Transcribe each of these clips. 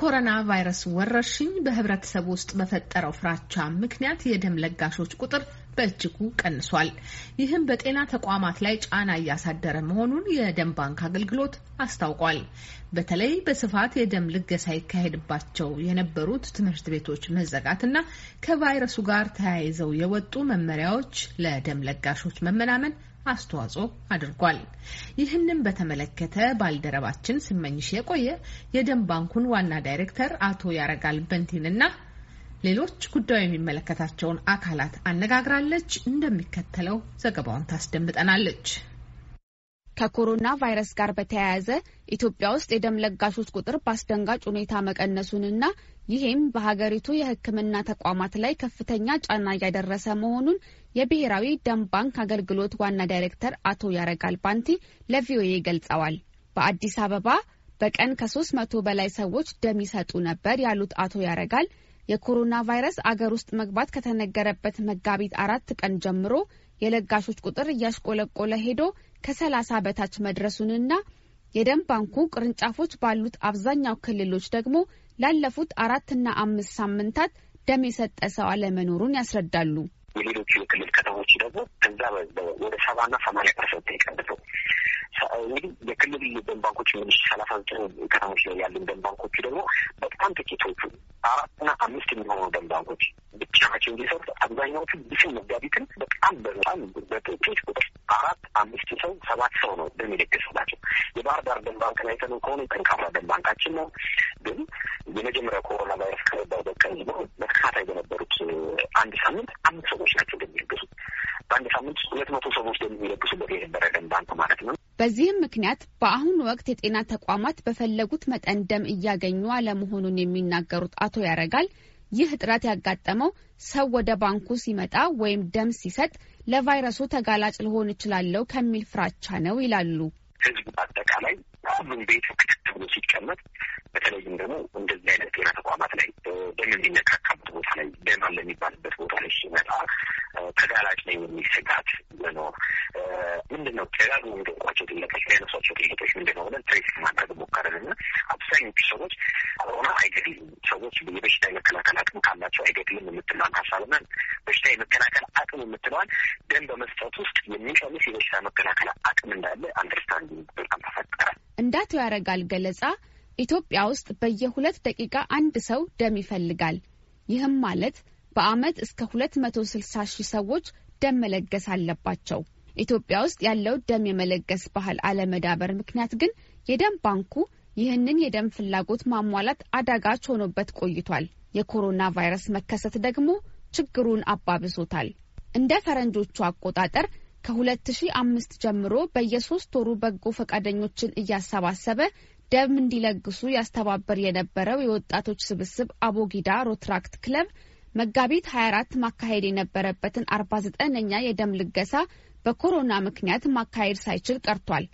የኮሮና ቫይረስ ወረርሽኝ በህብረተሰብ ውስጥ በፈጠረው ፍራቻ ምክንያት የደም ለጋሾች ቁጥር በእጅጉ ቀንሷል። ይህም በጤና ተቋማት ላይ ጫና እያሳደረ መሆኑን የደም ባንክ አገልግሎት አስታውቋል። በተለይ በስፋት የደም ልገሳ ይካሄድባቸው የነበሩት ትምህርት ቤቶች መዘጋትና ከቫይረሱ ጋር ተያይዘው የወጡ መመሪያዎች ለደም ለጋሾች መመናመን አስተዋጽኦ አድርጓል። ይህንን በተመለከተ ባልደረባችን ስመኝሽ የቆየ የደም ባንኩን ዋና ዳይሬክተር አቶ ያረጋል በንቲንና ሌሎች ጉዳዩ የሚመለከታቸውን አካላት አነጋግራለች። እንደሚከተለው ዘገባውን ታስደምጠናለች። ከኮሮና ቫይረስ ጋር በተያያዘ ኢትዮጵያ ውስጥ የደም ለጋሾች ቁጥር በአስደንጋጭ ሁኔታ መቀነሱንና ይህም በሀገሪቱ የሕክምና ተቋማት ላይ ከፍተኛ ጫና እያደረሰ መሆኑን የብሔራዊ ደም ባንክ አገልግሎት ዋና ዳይሬክተር አቶ ያረጋል ባንቲ ለቪኦኤ ገልጸዋል። በአዲስ አበባ በቀን ከሶስት መቶ በላይ ሰዎች ደም ይሰጡ ነበር ያሉት አቶ ያረጋል የኮሮና ቫይረስ አገር ውስጥ መግባት ከተነገረበት መጋቢት አራት ቀን ጀምሮ የለጋሾች ቁጥር እያሽቆለቆለ ሄዶ ከሰላሳ በታች መድረሱንና የደም ባንኩ ቅርንጫፎች ባሉት አብዛኛው ክልሎች ደግሞ ላለፉት አራትና አምስት ሳምንታት ደም የሰጠ ሰው አለመኖሩን ያስረዳሉ። የሌሎቹ የክልል ከተሞች ደግሞ ከዛ ወደ ሰባ ሰባና ሰማንያ ፐርሰንት የቀንሰው እንግዲህ የክልል ደን ባንኮች ምንሽ ሰላሳ ዘጠኝ ከተሞች ላይ ያሉን ደን ባንኮቹ ደግሞ በጣም ጥቂቶቹ አራትና አምስት የሚሆኑ ደን ባንኮች ብቻ ናቸው እንዲሰሩት አብዛኛዎቹ ብስን መጋቢትን በጣም በጣም በጥቂት ቁጥር አራት አምስት ሰው ሰባት ሰው ነው ደም የደገሰላቸው። የባህር ዳር ደን ባንክ ላይ ተነው ከሆነ ጠንካራ ደም ባንካችን ነው ግን የመጀመሪያው ኮሮና ቫይረስ ከገባበት ቀን ጀምሮ በተከታታይ በነበሩት አንድ ሳምንት አምስት ሰዎች ናቸው እንደሚለግሱት በአንድ ሳምንት ሁለት መቶ ሰዎች የሚለግሱበት የነበረ ደም ባንክ ማለት ነው። በዚህም ምክንያት በአሁኑ ወቅት የጤና ተቋማት በፈለጉት መጠን ደም እያገኙ አለመሆኑን የሚናገሩት አቶ ያረጋል ይህ እጥረት ያጋጠመው ሰው ወደ ባንኩ ሲመጣ ወይም ደም ሲሰጥ ለቫይረሱ ተጋላጭ ልሆን እችላለሁ ከሚል ፍራቻ ነው ይላሉ። ህዝቡ አጠቃላይ ሁሉም ቤቱ ክትት ብሎ ሲቀመጥ በተለይም ደግሞ እንደዚህ አይነት ጤና ተቋማት ላይ ደም የሚነካካበት ቦታ ላይ ደም አለ የሚባልበት ቦታ ላይ ሲመጣ ተጋላጭ ላይ የሚል ስጋት መኖር ምንድን ነው? ተጋሉ የሚደቋቸው ጥያቄዎች ሊያነሷቸው ጥያቄዎች ምንድን ነው ብለን ትሬስ ማድረግ ሞከረን እና አብዛኞቹ ሰዎች ኮሮና አይገድልም፣ ሰዎች የበሽታ የመከላከል አቅም ካላቸው አይገድልም የምትለዋን ና በሽታ የመከላከል አቅም የምትለዋል ደም በመስጠት ውስጥ የሚቀንስ የበሽታ መከላከል አቅም እንዳለ አንደርስታንድ በጣም ተፈጠረ። እንዳቶ ያረጋል ገለጻ ኢትዮጵያ ውስጥ በየሁለት ደቂቃ አንድ ሰው ደም ይፈልጋል። ይህም ማለት በአመት እስከ 260 ሺህ ሰዎች ደም መለገስ አለባቸው። ኢትዮጵያ ውስጥ ያለው ደም የመለገስ ባህል አለመዳበር ምክንያት ግን የደም ባንኩ ይህንን የደም ፍላጎት ማሟላት አዳጋች ሆኖበት ቆይቷል። የኮሮና ቫይረስ መከሰት ደግሞ ችግሩን አባብሶታል። እንደ ፈረንጆቹ አቆጣጠር ከ2005 ጀምሮ በየሶስት ወሩ በጎ ፈቃደኞችን እያሰባሰበ ደም እንዲለግሱ ያስተባበር የነበረው የወጣቶች ስብስብ አቦጊዳ ሮትራክት ክለብ መጋቢት 24 ማካሄድ የነበረበትን 49ኛ የደም ልገሳ በኮሮና ምክንያት ማካሄድ ሳይችል ቀርቷል።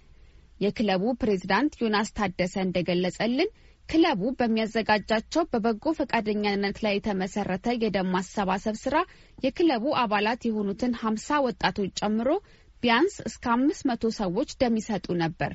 የክለቡ ፕሬዝዳንት ዮናስ ታደሰ እንደገለጸልን ክለቡ በሚያዘጋጃቸው በበጎ ፈቃደኛነት ላይ የተመሰረተ የደም ማሰባሰብ ስራ የክለቡ አባላት የሆኑትን ሀምሳ ወጣቶች ጨምሮ ቢያንስ እስከ አምስት መቶ ሰዎች ደም ይሰጡ ነበር።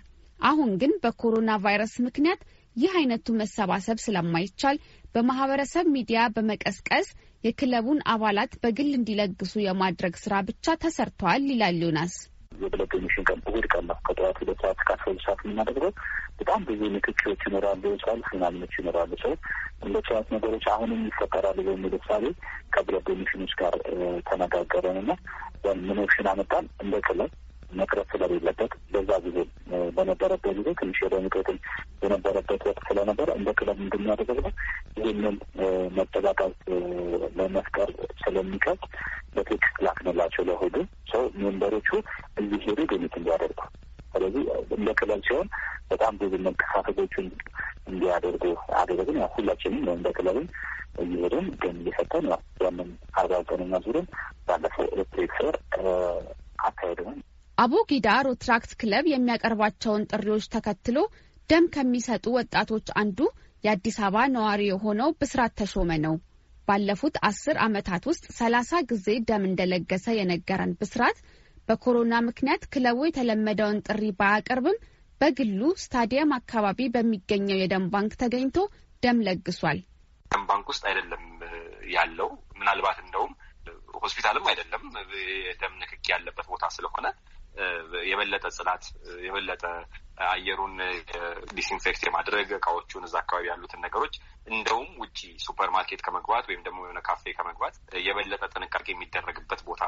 አሁን ግን በኮሮና ቫይረስ ምክንያት ይህ አይነቱ መሰባሰብ ስለማይቻል በማህበረሰብ ሚዲያ በመቀስቀስ የክለቡን አባላት በግል እንዲለግሱ የማድረግ ስራ ብቻ ተሰርተዋል ይላል ዮናስ። የብለድ ዶኔሽን ቀን እሑድ ቀን ነው። ከጠዋት ሁለት ሰዓት ከአስራ ሁለት ሰዓት የምናደርገው በጣም ብዙ ንክኪዎች ይኖራሉ። ሰልፍ ምናምኖች ይኖራሉ። ሰው እንደሱ አይነት ነገሮች አሁንም ይፈጠራሉ በሚል እሳቤ ከብለድ ዶኔሽኖች ጋር ተነጋገረን እና ምን ኦፕሽን አመጣን እንደ ክለብ መቅረት ስለሌለበት በዛ ጊዜ በነበረበት ጊዜ ትንሽ የደም እጥረትም የነበረበት ወቅት ስለነበረ እንደ ክለብ እንድናደረግነው ይህንን መጠቃቃት ለመፍቀር ስለሚከብድ በቴክስት ላክንላቸው ለሆዱ ሰው ሜምበሮቹ ስለዚህ እንደ ሲሆን በጣም ብዙ መንቀሳቀሶችን እንዲያደርጉ አደረግን። ያው ሁላችንም ወይም ክለብም እየሄድን ግን እየሰጠን ያው ያንን አርባ ዘጠነኛ ዙርን ባለፈው ኤሌክትሪክ ስር አቡ ጊዳ ሮትራክት ክለብ የሚያቀርባቸውን ጥሪዎች ተከትሎ ደም ከሚሰጡ ወጣቶች አንዱ የአዲስ አበባ ነዋሪ የሆነው ብስራት ተሾመ ነው። ባለፉት አስር ዓመታት ውስጥ ሰላሳ ጊዜ ደም እንደለገሰ የነገረን ብስራት በኮሮና ምክንያት ክለቡ የተለመደውን ጥሪ ባያቀርብም በግሉ ስታዲየም አካባቢ በሚገኘው የደም ባንክ ተገኝቶ ደም ለግሷል። ደም ባንክ ውስጥ አይደለም ያለው ምናልባት እንደውም ሆስፒታልም አይደለም የደም ንክኪ ያለበት ቦታ ስለሆነ የበለጠ ጽናት የበለጠ አየሩን ዲስኢንፌክት የማድረግ እቃዎቹን እዛ አካባቢ ያሉትን ነገሮች እንደውም ውጭ ሱፐር ማርኬት ከመግባት ወይም ደግሞ የሆነ ካፌ ከመግባት የበለጠ ጥንቃቄ የሚደረግበት ቦታ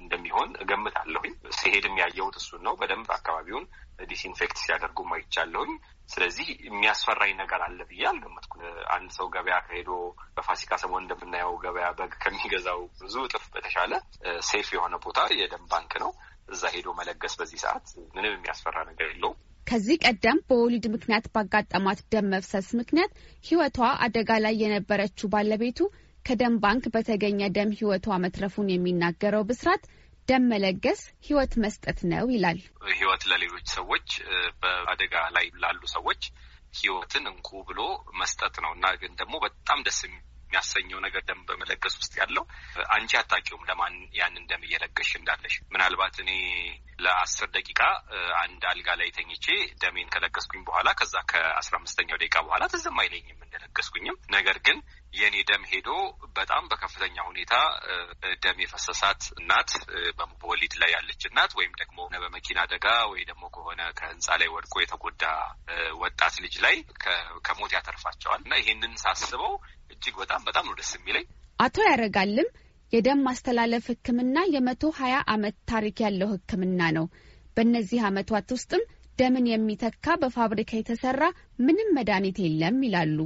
እንደሚሆን እገምታለሁኝ። ሲሄድም ያየሁት እሱን ነው። በደንብ አካባቢውን ዲስኢንፌክት ሲያደርጉ ማይቻለሁኝ። ስለዚህ የሚያስፈራኝ ነገር አለ ብዬ አልገመትኩ። አንድ ሰው ገበያ ከሄዶ በፋሲካ ሰሞን እንደምናየው ገበያ በግ ከሚገዛው ብዙ እጥፍ በተሻለ ሴፍ የሆነ ቦታ የደም ባንክ ነው። እዛ ሄዶ መለገስ በዚህ ሰዓት ምንም የሚያስፈራ ነገር የለውም። ከዚህ ቀደም በወሊድ ምክንያት ባጋጠማት ደም መፍሰስ ምክንያት ሕይወቷ አደጋ ላይ የነበረችው ባለቤቱ ከደም ባንክ በተገኘ ደም ሕይወቷ መትረፉን የሚናገረው ብስራት ደም መለገስ ሕይወት መስጠት ነው ይላል። ሕይወት ለሌሎች ሰዎች በአደጋ ላይ ላሉ ሰዎች ሕይወትን እንኩ ብሎ መስጠት ነው እና ግን ደግሞ በጣም ደስ የሚያሰኘው ነገር ደም በመለገስ ውስጥ ያለው አንቺ አታውቂውም ለማን ያንን ደም እየለገሽ እንዳለሽ። ምናልባት እኔ ለአስር ደቂቃ አንድ አልጋ ላይ ተኝቼ ደሜን ከለገስኩኝ በኋላ ከዛ ከአስራ አምስተኛው ደቂቃ በኋላ ትዝም አይለኝም እንደለገስኩኝም ነገር ግን የኔ ደም ሄዶ በጣም በከፍተኛ ሁኔታ ደም የፈሰሳት እናት በወሊድ ላይ ያለች እናት ወይም ደግሞ በመኪና አደጋ ወይ ደግሞ ከሆነ ከህንፃ ላይ ወድቆ የተጎዳ ወጣት ልጅ ላይ ከሞት ያተርፋቸዋል እና ይህንን ሳስበው እጅግ በጣም በጣም ነው ደስ የሚለኝ። አቶ ያረጋልም የደም ማስተላለፍ ህክምና የመቶ ሀያ አመት ታሪክ ያለው ህክምና ነው። በእነዚህ አመታት ውስጥም ደምን የሚተካ በፋብሪካ የተሰራ ምንም መድኃኒት የለም ይላሉ።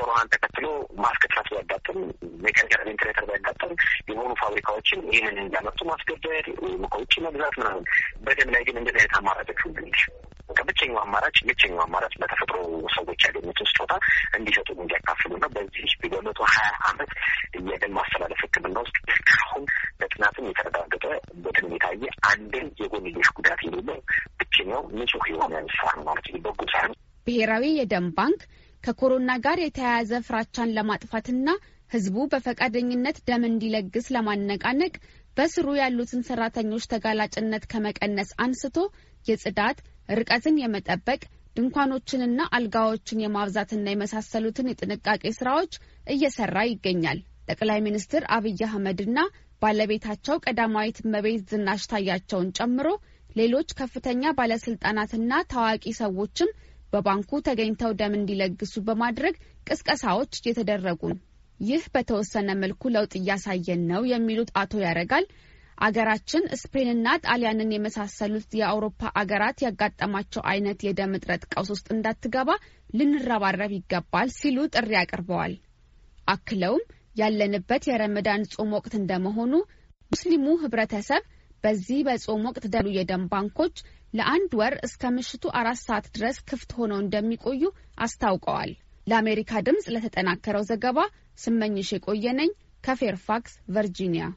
ኮሮናን ተከትሎ ማስክ እጥረት ቢያጋጥም መቀንቀር ቬንትሌተር ቢያጋጥም የሆኑ ፋብሪካዎችን ይህንን እንዲያመርቱ ማስገደድ ወይም ከውጭ መግዛት ምናምን። በደም ላይ ግን እንደዚህ አይነት አማራጮች ሁሉ ብቸኛው አማራጭ ብቸኛው አማራጭ በተፈጥሮ ሰዎች ያገኙትን ስጦታ እንዲሰጡ እንዲያካፍሉ ነው። በዚህ በመቶ ሀያ አመት የደም ማስተላለፍ ሕክምና ውስጥ እስካሁን በጥናትም የተረጋገጠ በትንም የታየ አንድን የጎንዮሽ ጉዳት የሌለው ብቸኛው ንጹህ የሆነ ሳህን ማለት በጎ ሳህን ብሔራዊ የደም ባንክ ከኮሮና ጋር የተያያዘ ፍራቻን ለማጥፋትና ህዝቡ በፈቃደኝነት ደም እንዲለግስ ለማነቃነቅ በስሩ ያሉትን ሰራተኞች ተጋላጭነት ከመቀነስ አንስቶ የጽዳት፣ ርቀትን የመጠበቅ ድንኳኖችንና አልጋዎችን የማብዛትና የመሳሰሉትን የጥንቃቄ ስራዎች እየሰራ ይገኛል። ጠቅላይ ሚኒስትር አብይ አህመድና ባለቤታቸው ቀዳማዊት እመቤት ዝናሽ ታያቸውን ጨምሮ ሌሎች ከፍተኛ ባለስልጣናትና ታዋቂ ሰዎችም በባንኩ ተገኝተው ደም እንዲለግሱ በማድረግ ቅስቀሳዎች እየተደረጉ ነው። ይህ በተወሰነ መልኩ ለውጥ እያሳየን ነው የሚሉት አቶ ያረጋል አገራችን ስፔንና ጣሊያንን የመሳሰሉት የአውሮፓ አገራት ያጋጠማቸው አይነት የደም እጥረት ቀውስ ውስጥ እንዳትገባ ልንረባረብ ይገባል ሲሉ ጥሪ አቅርበዋል። አክለውም ያለንበት የረመዳን ጾም ወቅት እንደመሆኑ ሙስሊሙ ህብረተሰብ በዚህ በጾም ወቅት ደሉ የደም ባንኮች ለአንድ ወር እስከ ምሽቱ አራት ሰዓት ድረስ ክፍት ሆነው እንደሚቆዩ አስታውቀዋል። ለአሜሪካ ድምፅ ለተጠናከረው ዘገባ ስመኝሽ የቆየነኝ ከፌርፋክስ ቨርጂኒያ